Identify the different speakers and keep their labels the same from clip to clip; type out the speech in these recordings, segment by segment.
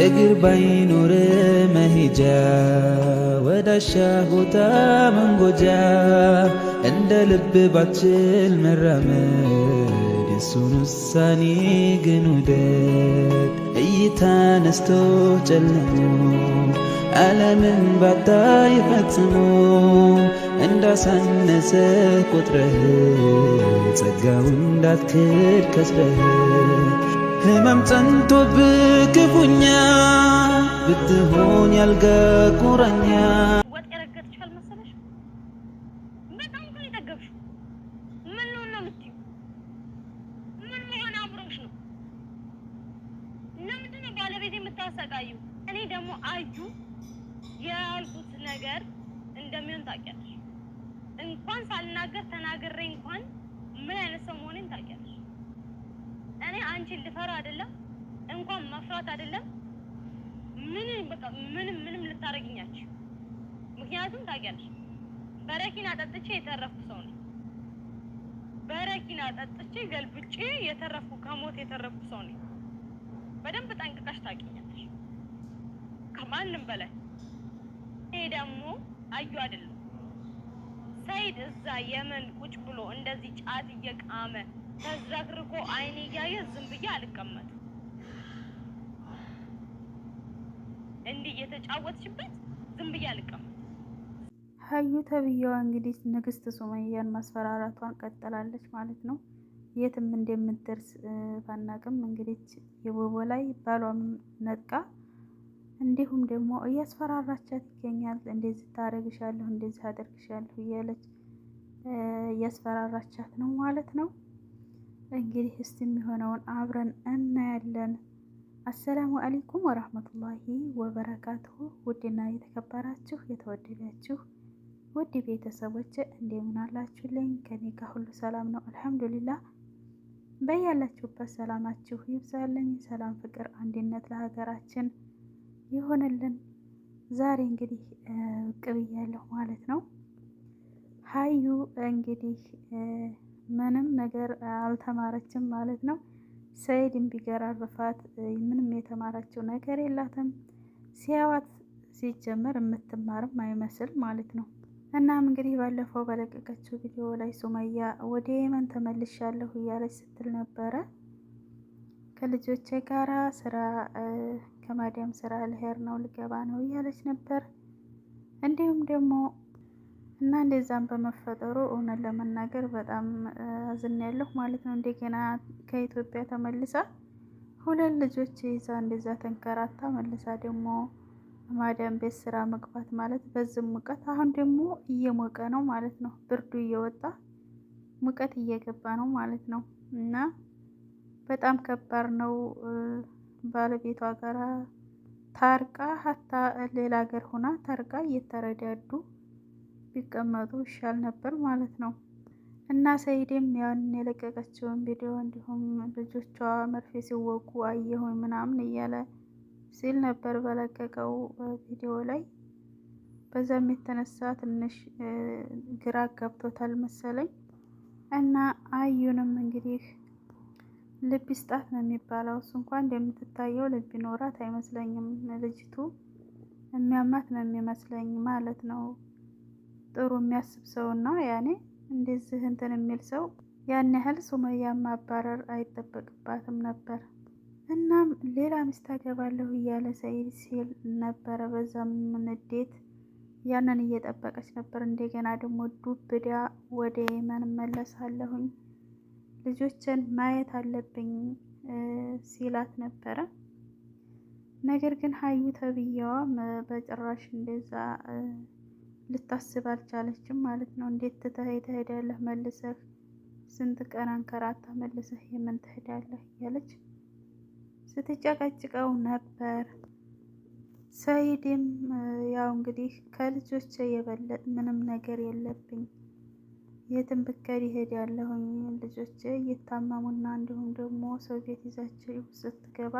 Speaker 1: እግር ባይኖር መሄጃ ወዳሻ ቦታ መንጎጃ እንደ ልብ ባችል መራመድ የሱን ውሳኔ ግን ውደድ እይታ ነስቶ ጨልሞ ዓለምን ባታ ይፈጽሞ እንዳሳነሰ ቁጥረህ ጸጋው እንዳትክድ ከስረህ ህመም ጸንቶብህ ክፉኛ ብትሆን ያልጋ ቁራኛ
Speaker 2: ምክንያቱም ታውቂያለሽ በረኪና ጠጥቼ የተረፍኩ ሰው ነኝ። በረኪና ጠጥቼ ገልብጬ የተረፍኩ ከሞት የተረፍኩ ሰው ነው። በደንብ ጠንቅቀሽ ታውቂኛለሽ ከማንም በላይ። ይሄ ደግሞ አዩ አይደለም ሰይድ እዛ የመን ቁጭ ብሎ እንደዚህ ጫት እየቃመ ተዝረክርኮ አይኔ እያየ ዝም ብዬ አልቀመጥም። እንዲህ እየተጫወትሽበት ዝም ብዬ አልቀመጥም።
Speaker 3: ሀዩ ተብዬዋ እንግዲህ ንግስት ሱመያን ማስፈራራቷን ቀጥላለች ማለት ነው። የትም እንደምትደርስ ባናቅም እንግዲህ የቦቦ ላይ ባሏም ነጥቃ እንዲሁም ደግሞ እያስፈራራቻት ይገኛል። እንደዚህ ታደርግሻለሁ፣ እንደዚህ አደርግሻለሁ እያለች እያስፈራራቻት ነው ማለት ነው። እንግዲህ እስቲ የሚሆነውን አብረን እናያለን። አሰላሙ አሌይኩም ወራህመቱላሂ ወበረካቱሁ ውድና የተከበራችሁ የተወደዳችሁ ውድ ቤተሰቦች እንደምን አላችሁልኝ? ከኔ ጋር ሁሉ ሰላም ነው አልሐምዱሊላ። በያላችሁበት ሰላማችሁ ይብዛልኝ። ሰላም፣ ፍቅር፣ አንድነት ለሀገራችን ይሆንልን። ዛሬ እንግዲህ ቅብ እያለሁ ማለት ነው። ሀዩ እንግዲህ ምንም ነገር አልተማረችም ማለት ነው። ሰይድን ቢገራርፋት ምንም የተማረችው ነገር የላትም። ሲያዋት ሲጀመር የምትማርም አይመስል ማለት ነው። እናም እንግዲህ ባለፈው በለቀቀችው ቪዲዮ ላይ ሱመያ ወደ የመን ተመልሻለሁ እያለች ስትል ነበረ። ከልጆቼ ጋራ ስራ ከማዲያም ስራ ልሄድ ነው ልገባ ነው እያለች ነበር። እንዲሁም ደግሞ እና እንደዛም በመፈጠሩ እውነት ለመናገር በጣም አዝኛለሁ ማለት ነው። እንደገና ከኢትዮጵያ ተመልሳ ሁለት ልጆች ይዛ እንደዛ ተንከራታ መልሳ ደግሞ ማዳም ቤት ስራ መግባት ማለት በዚህ ሙቀት፣ አሁን ደግሞ እየሞቀ ነው ማለት ነው። ብርዱ እየወጣ ሙቀት እየገባ ነው ማለት ነው። እና በጣም ከባድ ነው። ባለቤቷ ጋር ታርቃ ሀታ ሌላ ሀገር ሆና ታርቃ እየተረዳዱ ቢቀመጡ ይሻል ነበር ማለት ነው። እና ሰይድም ያን የለቀቀችውን ቪዲዮ እንዲሁም ልጆቿ መርፌ ሲወጉ አየሁኝ ምናምን እያለ ሲል ነበር በለቀቀው ቪዲዮ ላይ። በዛም የተነሳ ትንሽ ግራ ገብቶታል መሰለኝ እና አዩንም እንግዲህ ልብ ይስጣት ነው የሚባለው። እሱ እንኳን እንደምትታየው ልብ ይኖራት አይመስለኝም። ልጅቱ የሚያማት ነው የሚመስለኝ ማለት ነው። ጥሩ የሚያስብ ሰውና ያኔ እንደዚህ እንትን የሚል ሰው ያን ያህል ሱመያ ማባረር አይጠበቅባትም ነበር። እናም ሌላ ሚስት አገባለሁ እያለ ሰኢድ ሲል ነበረ። በዛም ንዴት ያንን እየጠበቀች ነበር። እንደገና ደግሞ ዱብዳ ወደ የመን መለሳለሁኝ ልጆችን ማየት አለብኝ ሲላት ነበረ። ነገር ግን ሀዩ ተብዬዋ በጭራሽ እንደዛ ልታስብ አልቻለችም ማለት ነው። እንዴት ትተህ ትሄዳለህ? መልሰህ ስንት ቀን አንከራታ መልሰህ የምን ትሄዳለህ? እያለች ስትጨቀጭቀው ነበር። ሰይድም ያው እንግዲህ ከልጆች የበለጥ ምንም ነገር የለብኝ የትም ብከር ይሄድ ያለሁኝ ልጆች እየታመሙና እንዲሁም ደግሞ ሰው ቤት ይዛቸው ስትገባ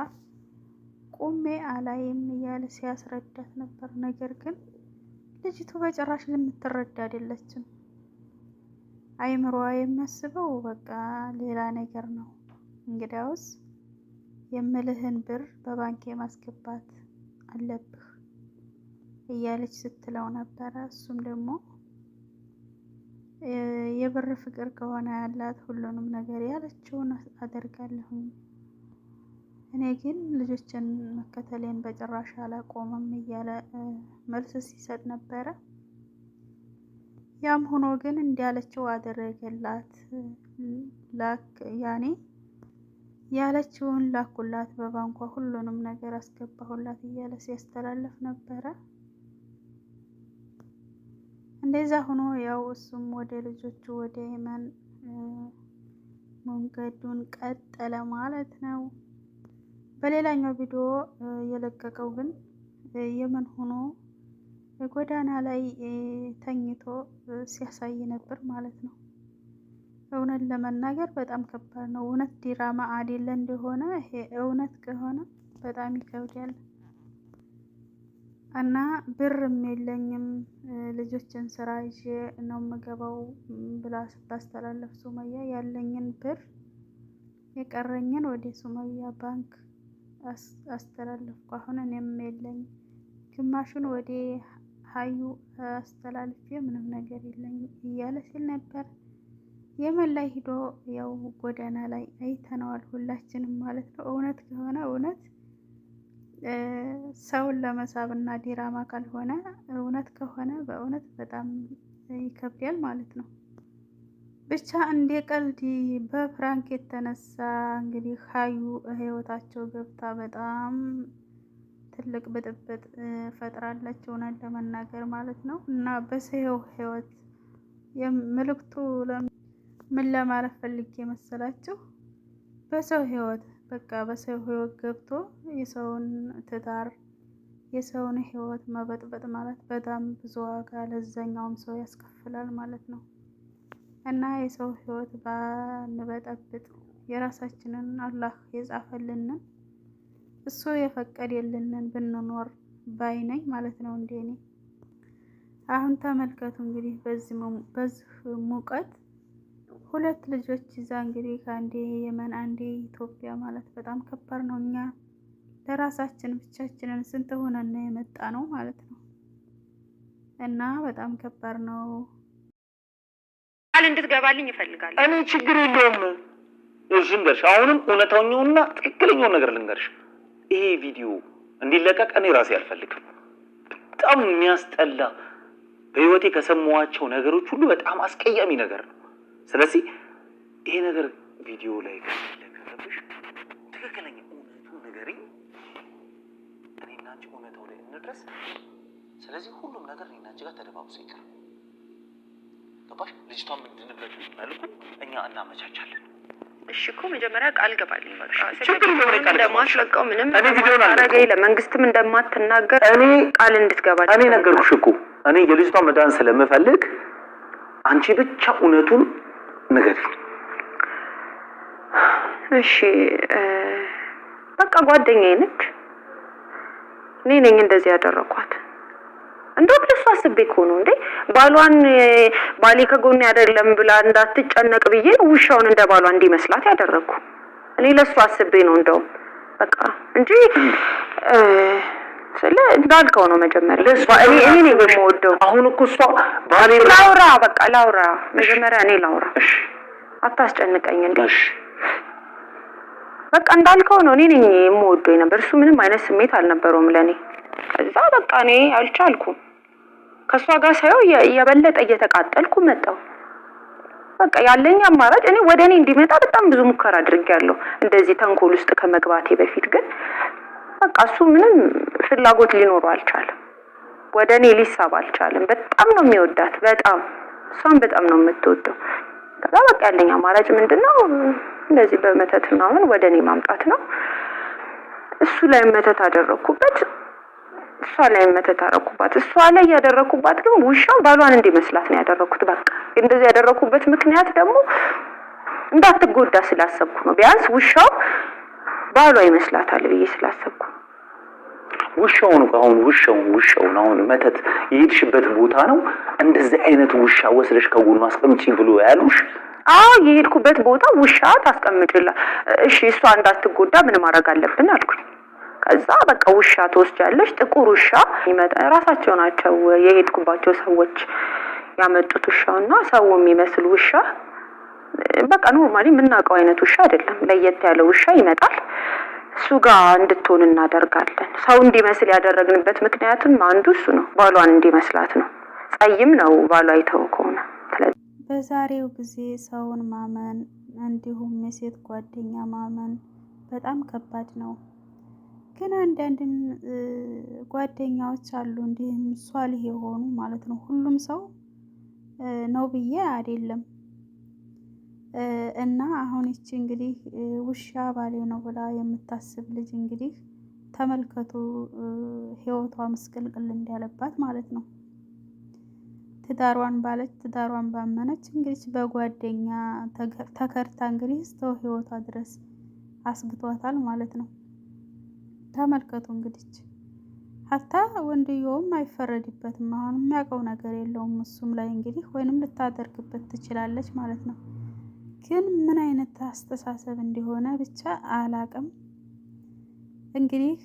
Speaker 3: ቁሜ አላይም እያለ ሲያስረዳት ነበር። ነገር ግን ልጅቱ በጭራሽ የምትረዳ አይደለችም። አይምሮዋ የሚያስበው በቃ ሌላ ነገር ነው። እንግዲያውስ የምልህን ብር በባንክ ማስገባት አለብህ እያለች ስትለው ነበረ። እሱም ደግሞ የብር ፍቅር ከሆነ ያላት ሁሉንም ነገር ያለችውን አደርጋለሁኝ እኔ ግን ልጆችን መከተሌን በጭራሽ አላቆምም እያለ መልስ ሲሰጥ ነበረ። ያም ሆኖ ግን እንዲያለችው አደረገላት ላክ ያኔ ያለችውን ላኩላት፣ በባንኳ ሁሉንም ነገር አስገባሁላት እያለ ሲያስተላለፍ ነበረ። እንደዛ ሆኖ ያው እሱም ወደ ልጆቹ ወደ የመን መንገዱን ቀጠለ ማለት ነው። በሌላኛው ቪዲዮ የለቀቀው ግን የመን ሆኖ ጎዳና ላይ ተኝቶ ሲያሳይ ነበር ማለት ነው። እውነት ለመናገር በጣም ከባድ ነው። እውነት ዲራማ አይደለ እንደሆነ ይሄ እውነት ከሆነ በጣም ይከብዳል። እና ብርም የለኝም ልጆችን ስራ ይዤ ነው የምገባው ብላ ስታስተላለፍ ሱመያ ያለኝን ብር የቀረኝን ወደ ሱመያ ባንክ አስተላለፍኩ። አሁን እኔም የለኝ ግማሹን ወደ ሀዩ አስተላልፌ ምንም ነገር የለኝ እያለ ሲል ነበር። የመላ ሂዶ ያው ጎዳና ላይ አይተነዋል ሁላችንም ማለት ነው። እውነት ከሆነ እውነት ሰውን ለመሳብ እና ዲራማ ካልሆነ እውነት ከሆነ በእውነት በጣም ይከብዳል ማለት ነው። ብቻ እንደ ቀልድ በፍራንክ የተነሳ እንግዲህ ሀዩ ህይወታቸው ገብታ በጣም ትልቅ ብጥብጥ ፈጥራለች፣ እውነት ለመናገር ማለት ነው እና በሰው ህይወት የምልክቱ መልእክቱ ምን ለማለት ፈልጌ የመሰላችሁ በሰው ህይወት በቃ በሰው ህይወት ገብቶ የሰውን ትዳር የሰውን ህይወት መበጥበጥ ማለት በጣም ብዙ ዋጋ ለዛኛውም ሰው ያስከፍላል ማለት ነው። እና የሰው ህይወት ባንበጠብጥ የራሳችንን አላህ የጻፈልንን እሱ የፈቀደልንን ብንኖር ባይነኝ ማለት ነው። እንዴ አሁን ተመልከቱ እንግዲህ በዚህ ሙቀት ሁለት ልጆች ይዛ እንግዲህ ከአንዴ የመን አንዴ ኢትዮጵያ ማለት በጣም ከባድ ነው። እኛ ለራሳችን ብቻችንን ስንት ሆነን የመጣ ነው ማለት ነው እና በጣም ከባድ ነው።
Speaker 2: ቃል እንድትገባልኝ ይፈልጋል።
Speaker 4: እኔ ችግር የለውም። እዚህ ልንገርሽ፣ አሁንም እውነተኛውና ትክክለኛውን ነገር ልንገርሽ። ይሄ ቪዲዮ እንዲለቀቅ እኔ ራሴ አልፈልግም። በጣም የሚያስጠላ በህይወቴ ከሰማኋቸው ነገሮች ሁሉ በጣም አስቀያሚ ነገር ነው። ስለዚህ ይሄ ነገር ቪዲዮ ላይ ለቀረብሽ ትክክለኛ እውነቱ ንገሪኝ፣ እኔ እና እውነታው ላይ እንድረስ። ስለዚህ ሁሉም ነገር እኔ እና ጋር ተደባብሶ ይቀር። ገባሽ? ልጅቷ ምንድንበት መልኩ እኛ እናመቻቻለን።
Speaker 2: እሺ እኮ መጀመሪያ ቃል ገባልኝ።
Speaker 4: በቃ
Speaker 2: እንደማትለቀው ምንም አረገኝ፣ ለመንግስትም እንደማትናገር እኔ ቃል እንድትገባ
Speaker 4: እኔ ነገርኩሽ እኮ። እኔ የልጅቷ መዳን ስለምፈልግ አንቺ ብቻ እውነቱን ንገሪ።
Speaker 2: እሺ በቃ ጓደኛዬ ነች። እኔ ነኝ እንደዚህ ያደረኳት። እንደውም ለሱ አስቤ እኮ ነው እንዴ ባሏን ባሌ ከጎን አይደለም ብላ እንዳትጨነቅ ብዬ ውሻውን እንደ ባሏ እንዲመስላት ያደረግኩ። እኔ ለሱ አስቤ ነው እንደውም በቃ እንጂ ስለ እንዳልከው ነው መጀመሪያ
Speaker 4: እኔ እኔ ነው የምወደው። አሁን እኮ እሷ
Speaker 2: ባሌ ላውራ፣ በቃ ላውራ፣ መጀመሪያ እኔ ላውራ። አታስጨንቀኝ እንዴ! በቃ እንዳልከው ነው። እኔ ነኝ የምወደው ነበር። እሱ ምንም አይነት ስሜት አልነበረውም ለኔ። ከዛ በቃ እኔ አልቻልኩም። ከእሷ ጋር ሳየው የበለጠ እየተቃጠልኩ መጣው። በቃ ያለኝ አማራጭ እኔ ወደ እኔ እንዲመጣ በጣም ብዙ ሙከራ አድርጌያለሁ፣ እንደዚህ ተንኮል ውስጥ ከመግባቴ በፊት ግን በቃ እሱ ምንም ፍላጎት ሊኖሩ አልቻለም። ወደ እኔ ሊሳብ አልቻለም። በጣም ነው የሚወዳት፣ በጣም እሷን በጣም ነው የምትወደው። ከዛ በቃ ያለኝ አማራጭ ምንድን ነው? እንደዚህ በመተት ምናምን ወደ እኔ ማምጣት ነው። እሱ ላይ መተት አደረግኩበት፣ እሷ ላይ መተት አደረግኩባት። እሷ ላይ ያደረግኩባት ግን ውሻው ባሏን እንዲመስላት ነው ያደረግኩት። በቃ እንደዚህ ያደረግኩበት ምክንያት ደግሞ እንዳትጎዳ ስላሰብኩ ነው። ቢያንስ ውሻው ባሏ ይመስላታል ብዬ ስላሰብኩ
Speaker 4: ውሻውን አሁን ውሻውን ውሻውን አሁን መተት የሄድሽበት ቦታ ነው። እንደዚህ አይነት ውሻ ወስደሽ ከጎኑ አስቀምጪ ብሎ ያሉሽ?
Speaker 2: አዎ የሄድኩበት ቦታ ውሻ ታስቀምጭላ። እሺ እሷ እንዳትጎዳ ምን ማድረግ አለብን አልኩኝ። ከዛ በቃ ውሻ ትወስጃለሽ፣ ጥቁር ውሻ ይመጣ ራሳቸው ናቸው የሄድኩባቸው ሰዎች ያመጡት ውሻውና ሰው የሚመስል ውሻ በቃ ኖርማሊ የምናውቀው አይነት ውሻ አይደለም። ለየት ያለ ውሻ ይመጣል። እሱ ጋር እንድትሆን እናደርጋለን። ሰው እንዲመስል ያደረግንበት ምክንያትም አንዱ እሱ ነው። ባሏን እንዲመስላት ነው። ጸይም ነው ባሏ አይተው ከሆነ
Speaker 3: በዛሬው ጊዜ ሰውን ማመን እንዲሁም የሴት ጓደኛ ማመን በጣም ከባድ ነው። ግን አንዳንድ ጓደኛዎች አሉ እንዲህም ሷልህ የሆኑ ማለት ነው። ሁሉም ሰው ነው ብዬ አይደለም። እና አሁን ይቺ እንግዲህ ውሻ ባሌ ነው ብላ የምታስብ ልጅ እንግዲህ ተመልከቱ ህይወቷ ምስቅልቅል እንዳለባት ማለት ነው። ትዳሯን ባለች ትዳሯን ባመነች እንግዲህ በጓደኛ ተከርታ እንግዲህ እስከ ህይወቷ ድረስ አስግቷታል ማለት ነው። ተመልከቱ እንግዲህ ሀታ ወንድየውም አይፈረድበትም። አሁን የሚያውቀው ነገር የለውም እሱም ላይ እንግዲህ ወይንም ልታደርግበት ትችላለች ማለት ነው። ግን ምን አይነት አስተሳሰብ እንደሆነ ብቻ አላቅም። እንግዲህ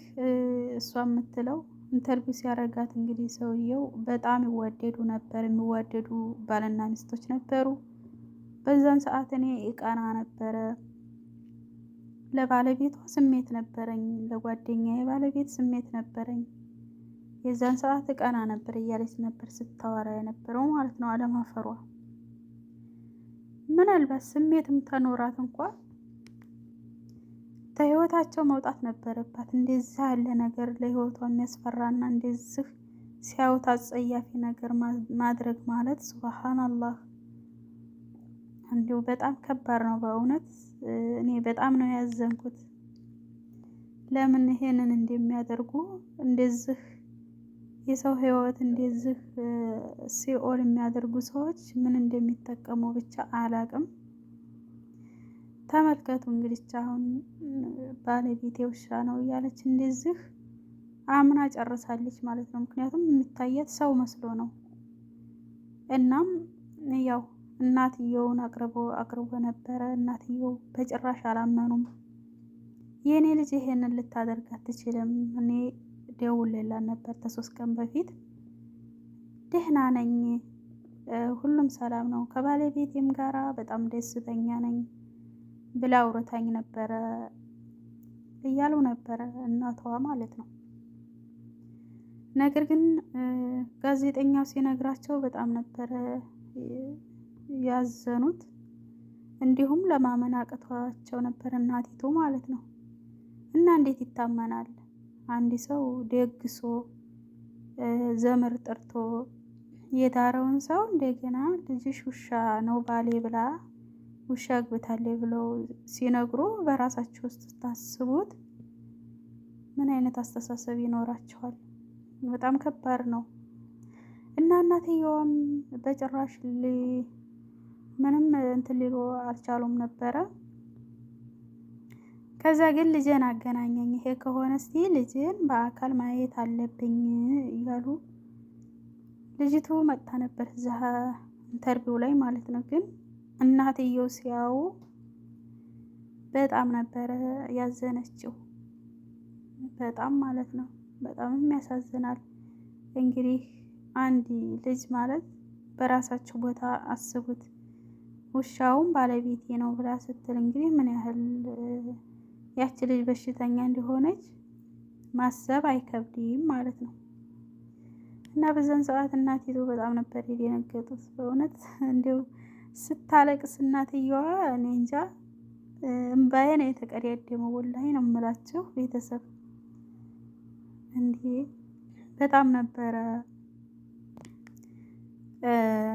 Speaker 3: እሷ የምትለው ኢንተርቪው ሲያደርጋት እንግዲህ ሰውየው በጣም ይዋደዱ ነበር፣ የሚወደዱ ባልና ሚስቶች ነበሩ። በዛን ሰዓት እኔ እቀና ነበረ፣ ለባለቤቷ ስሜት ነበረኝ፣ ለጓደኛ የባለቤት ስሜት ነበረኝ። የዛን ሰዓት እቀና ነበር እያለች ነበር ስታወራ የነበረው ማለት ነው አለማፈሯ ምናልባት ስሜትም ተኖራት እንኳ ከህይወታቸው መውጣት ነበረባት። እንደዚህ ያለ ነገር ለህይወቷ የሚያስፈራና እንደዚህ ሲያዩት አጸያፊ ነገር ማድረግ ማለት ሱብሃናላህ እንዲሁ በጣም ከባድ ነው። በእውነት እኔ በጣም ነው ያዘንኩት። ለምን ይሄንን እንደሚያደርጉ እንደዚህ የሰው ህይወት እንደዚህ ሲኦል የሚያደርጉ ሰዎች ምን እንደሚጠቀሙ ብቻ አላቅም። ተመልከቱ እንግዲህ አሁን ባለቤቴ ውሻ ነው እያለች እንደዚህ አምና ጨርሳለች ማለት ነው። ምክንያቱም የሚታያት ሰው መስሎ ነው። እናም ያው እናትየውን አቅርቦ አቅርቦ ነበረ። እናትየው በጭራሽ አላመኑም። የእኔ ልጅ ይሄንን ልታደርግ አትችልም እኔ ደውልላ ነበር ከሶስት ቀን በፊት ደህና ነኝ፣ ሁሉም ሰላም ነው፣ ከባለቤቴም ጋራ በጣም ደስተኛ ነኝ ብላ አውርታኝ ነበረ እያሉ ነበረ እናቷ ማለት ነው። ነገር ግን ጋዜጠኛው ሲነግራቸው በጣም ነበረ ያዘኑት፣ እንዲሁም ለማመን አቅቷቸው ነበር እናቲቱ ማለት ነው። እና እንዴት ይታመናል አንድ ሰው ደግሶ ዘመር ጠርቶ የዳረውን ሰው እንደገና ልጅሽ ውሻ ነው ባሌ ብላ ውሻ አግብታለች ብለው ሲነግሩ በራሳቸው ውስጥ ታስቡት፣ ምን አይነት አስተሳሰብ ይኖራቸዋል? በጣም ከባድ ነው። እና እናትየዋም በጭራሽ ምንም እንትን ሊሉ አልቻሉም ነበረ። ከዛ ግን ልጄን አገናኘኝ። ይሄ ከሆነ እስቲ ልጄን በአካል ማየት አለብኝ እያሉ ልጅቱ መጣ ነበር እዛ ኢንተርቪው ላይ ማለት ነው። ግን እናትየው ሲያዩ በጣም ነበረ ያዘነችው፣ በጣም ማለት ነው። በጣምም ያሳዝናል። እንግዲህ አንድ ልጅ ማለት በራሳቸው ቦታ አስቡት። ውሻውም ባለቤቴ ነው ብላ ስትል እንግዲህ ምን ያህል ያቺ ልጅ በሽተኛ እንደሆነች ማሰብ አይከብድም ማለት ነው። እና በዛን ሰዓት እናቲቱ በጣም ነበር የደነገጡት። በእውነት እንዲሁ ስታለቅስ እናትየዋ እኔ እንጃ እምባዬ ነው የተቀዳደመው። ወላሂ ነው የምላቸው ቤተሰብ እንዲ በጣም ነበረ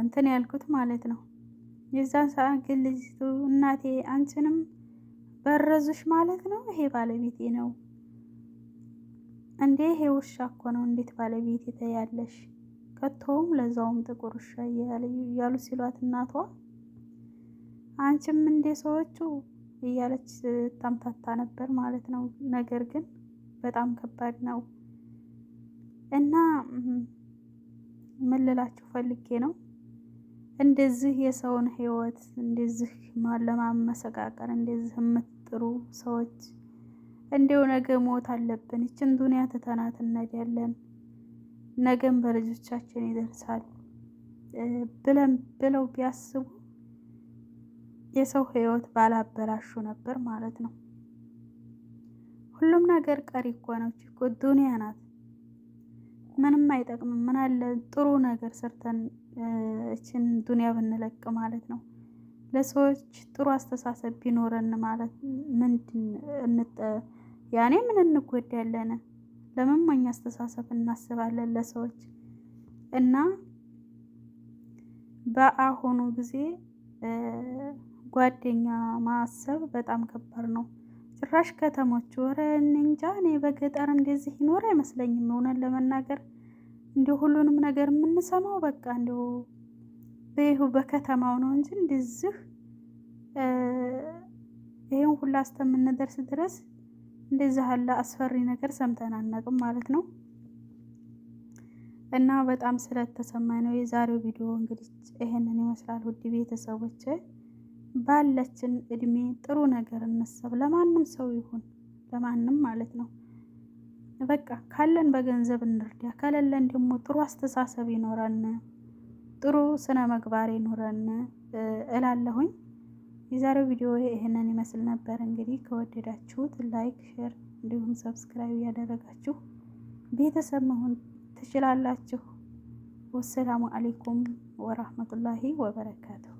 Speaker 3: እንትን ያልኩት ማለት ነው። የዛን ሰዓት ግን ልጅቱ እናቴ አንቺንም በረዙሽ ማለት ነው። ይሄ ባለቤቴ ነው እንዴ? ይሄ ውሻ እኮ ነው። እንዴት ባለቤቴ ተያለሽ? ከቶም ለዛውም ጥቁር ውሻ እያሉ ሲሏት እናቷ አንቺም እንዴ ሰዎቹ እያለች ታምታታ ነበር ማለት ነው። ነገር ግን በጣም ከባድ ነው እና ምን ልላችሁ ፈልጌ ነው እንደዚህ የሰውን ህይወት እንደዚህ ለማመሰቃቀል እንደዚህ ጥሩ ሰዎች እንዲሁ ነገ ሞት አለብን፣ ይችን ዱንያ ትተናት እንሄዳለን፣ ነገም በልጆቻችን ይደርሳል ብለን ብለው ቢያስቡ የሰው ህይወት ባላበላሹ ነበር ማለት ነው። ሁሉም ነገር ቀሪ እኮ ነው። እኮ ዱንያ ናት፣ ምንም አይጠቅምም። ምን አለ ጥሩ ነገር ሰርተን እችን ዱንያ ብንለቅ ማለት ነው። ለሰዎች ጥሩ አስተሳሰብ ቢኖረን ማለት ምንድን ያኔ ምን እንጎዳለን? ለመሞኛ አስተሳሰብ እናስባለን ለሰዎች እና በአሁኑ ጊዜ ጓደኛ ማሰብ በጣም ከባድ ነው። ጭራሽ ከተሞች ወረ እንጃ እኔ በገጠር እንደዚህ ይኖር አይመስለኝም። እውነት ለመናገር እንደ ሁሉንም ነገር የምንሰማው በቃ እንዲሁ በይሁ በከተማው ነው እንጂ እንደዚህ ይሄን ሁላ እስከምንደርስ ድረስ እንደዚህ ያለ አስፈሪ ነገር ሰምተን አናውቅም ማለት ነው። እና በጣም ስለተሰማኝ ነው የዛሬው ቪዲዮ እንግዲህ ይሄንን ይመስላል። ውድ ቤተሰቦች ባለችን እድሜ ጥሩ ነገር እንሰብ፣ ለማንም ሰው ይሁን ለማንም ማለት ነው። በቃ ካለን በገንዘብ እንርዳ፣ ከሌለን ደግሞ ጥሩ አስተሳሰብ ይኖራል። ጥሩ ስነ ምግባር ይኑረን እላለሁኝ። የዛሬው ቪዲዮ ይህንን ይመስል ነበር። እንግዲህ ከወደዳችሁት ላይክ፣ ሼር እንዲሁም ሰብስክራይብ እያደረጋችሁ ቤተሰብ መሆን ትችላላችሁ። ወሰላሙ አሌይኩም ወራህመቱላሂ ወበረካቱ